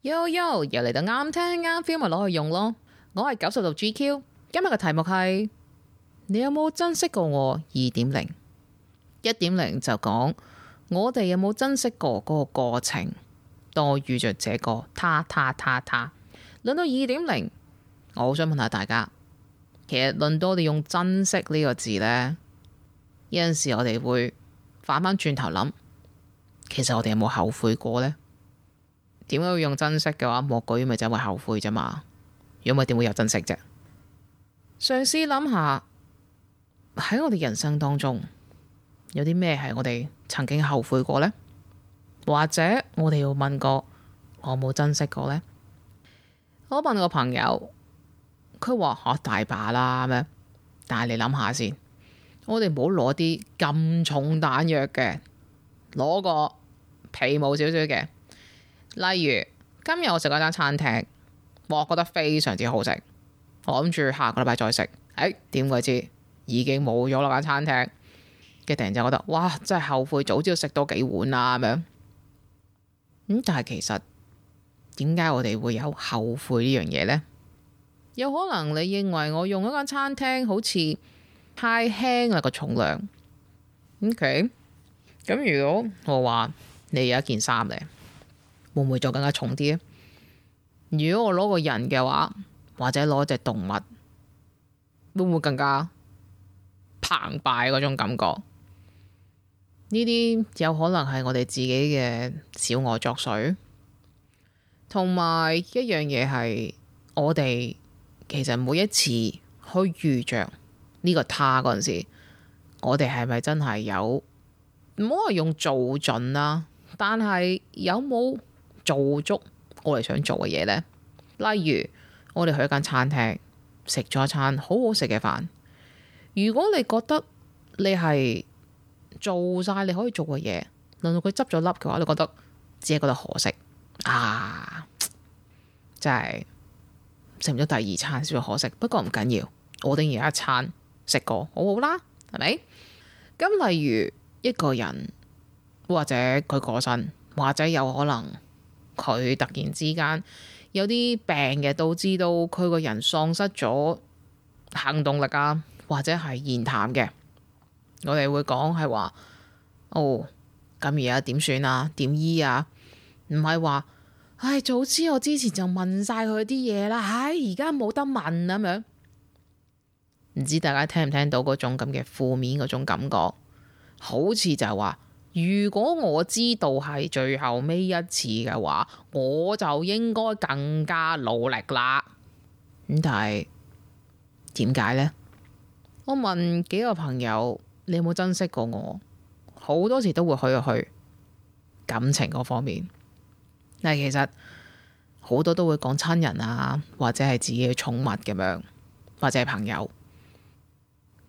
Yo, yo 又嚟到啱聽啱 feel 咪攞去用咯。我係九十度 GQ，今日嘅題目係你有冇珍惜過我？二點零，一點零就講我哋有冇珍惜過嗰個過程，多遇着這個他他他他。論到二點零，我好想問下大家，其實論到我哋用珍惜呢個字呢？有陣時我哋會反返轉頭諗，其實我哋有冇後悔過呢？點解要用珍惜嘅話，莫舉咪就會後悔啫嘛？如果唔係，點會有珍惜啫？嘗試諗下，喺我哋人生當中有啲咩係我哋曾經後悔過呢？或者我哋要問過我冇珍惜過呢？我問個朋友，佢話吓大把啦咩？但係你諗下先，我哋唔好攞啲咁重彈藥嘅，攞個皮毛少少嘅。例如今日我食嗰間餐廳，我覺得非常之好食。我諗住下個禮拜再食，誒、哎，點鬼知已經冇咗啦間餐廳嘅突然就覺得哇，真係後悔，早知食多幾碗啦、啊、咁樣。咁、嗯、但係其實點解我哋會有後悔呢樣嘢呢？有可能你認為我用嗰間餐廳好似太輕啦、個重量。OK，咁如果我話你有一件衫呢。會唔會再更加重啲啊？如果我攞個人嘅話，或者攞一隻動物，會唔會更加澎湃嗰種感覺？呢啲有可能係我哋自己嘅小我作祟，同埋一樣嘢係我哋其實每一次去遇着呢個他嗰陣時，我哋係咪真係有唔好話用做準啦？但係有冇？做足我哋想做嘅嘢呢？例如我哋去一間餐廳食咗一餐好好食嘅飯。如果你覺得你係做晒你可以做嘅嘢，輪到佢執咗粒嘅話，你覺得只係覺得可惜啊，真係食唔咗第二餐先至可惜。不過唔緊要，我哋而家一餐食過好好啦，係咪？咁例如一個人或者佢過身，或者有可能。佢突然之間有啲病嘅，導致到佢個人喪失咗行動力啊，或者係言談嘅，我哋會講係話，哦，咁而家點算啊？點醫啊？唔係話，唉，早知我之前就問晒佢啲嘢啦，唉，而家冇得問咁樣，唔知大家聽唔聽到嗰種咁嘅負面嗰種感覺，好似就係話。如果我知道係最後尾一次嘅話，我就應該更加努力啦。咁但係點解呢？我問幾個朋友，你有冇珍惜過我？好多時都會去去感情嗰方面，但係其實好多都會講親人啊，或者係自己嘅寵物咁樣，或者係朋友。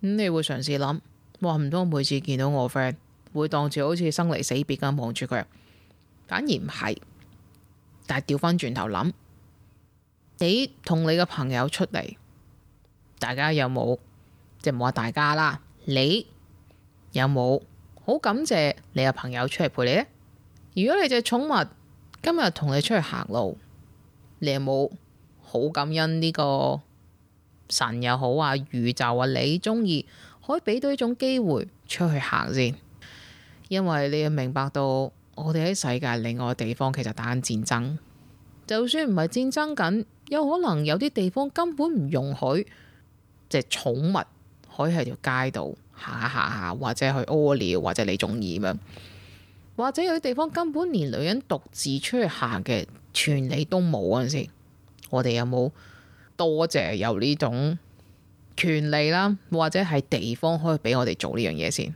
咁、嗯、你會嘗試諗，話唔通每次見到我 friend 會當住好似生離死別咁望住佢，反而唔係。但係調翻轉頭諗，你同你嘅朋友出嚟，大家有冇即係唔話大家啦？你有冇好感謝你嘅朋友出嚟陪你咧？如果你隻寵物今日同你出去行路，你有冇好感恩呢個神又好啊，宇宙啊？你中意可以俾到一種機會出去行先。因為你要明白到，我哋喺世界另外地方其實打緊戰爭，就算唔係戰爭緊，有可能有啲地方根本唔容許，隻寵物可以喺條街度行下行下，或者去屙尿，或者你中意咁樣，或者有啲地方根本連女人獨自出去行嘅權利都冇嗰陣時，我哋有冇多謝有呢種權利啦，或者係地方可以俾我哋做呢樣嘢先？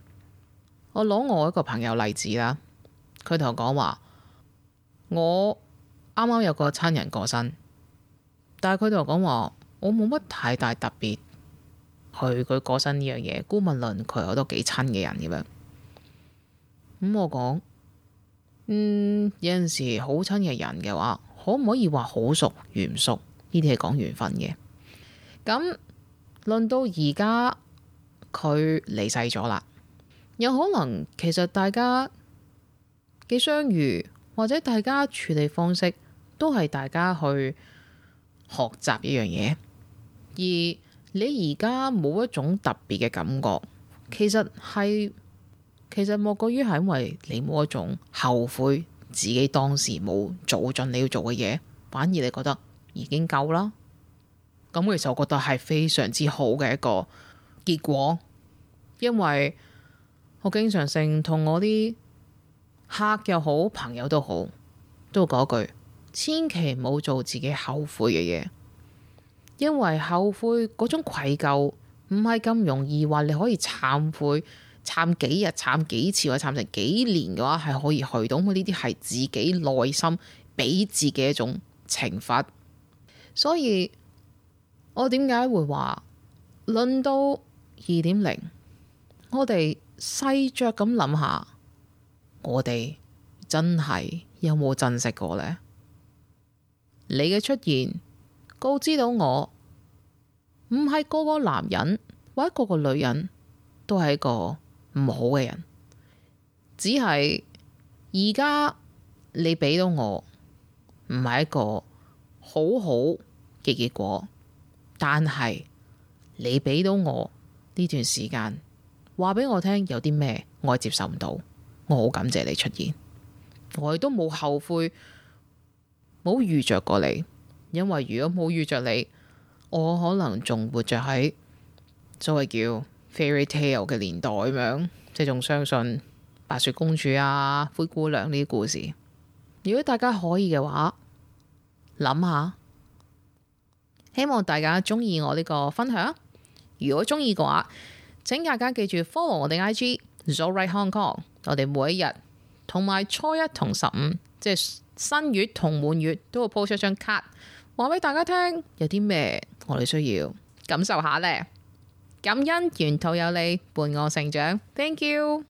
我攞我一個朋友例子啦，佢同我講話，我啱啱有個親人過身，但係佢同我講話，我冇乜太大特別去佢過身呢樣嘢。姑勿論佢我都幾親嘅人咁樣。咁我講，嗯，有陣時好親嘅人嘅話，可唔可以話好熟，緣熟呢啲係講緣分嘅。咁論到而家佢離世咗啦。有可能，其實大家嘅相遇或者大家處理方式都係大家去學習一樣嘢，而你而家冇一種特別嘅感覺，其實係其實莫過於係因為你冇一種後悔自己當時冇做盡你要做嘅嘢，反而你覺得已經夠啦。咁其實我覺得係非常之好嘅一個結果，因為。我經常性同我啲客又好，朋友都好，都會講一句，千祈唔好做自己後悔嘅嘢，因為後悔嗰種愧疚唔係咁容易，話你可以懺悔懺幾日，懺幾次或者懺成幾年嘅話係可以去到。呢啲係自己內心俾自己一種懲罰。所以，我點解會話論到二點零，我哋。細着咁諗下，我哋真係有冇珍惜過呢？你嘅出現告知到我，唔係個個男人或者個個女人都係一個唔好嘅人，只係而家你俾到我唔係一個好好嘅結果，但係你俾到我呢段時間。話俾我聽，有啲咩我接受唔到，我好感謝你出現，我亦都冇後悔冇遇着過你，因為如果冇遇着你，我可能仲活着喺所謂叫 fairytale 嘅年代咁樣，即係仲相信白雪公主啊、灰姑娘呢啲故事。如果大家可以嘅話，諗下，希望大家中意我呢個分享。如果中意嘅話，請大家記住 follow 我哋 IG Zorite Hong Kong，我哋每一日同埋初一同十五，即係新月同滿月都會 po 出張 card，話俾大家聽有啲咩我哋需要感受下呢。感恩沿途有你伴我成長，thank you。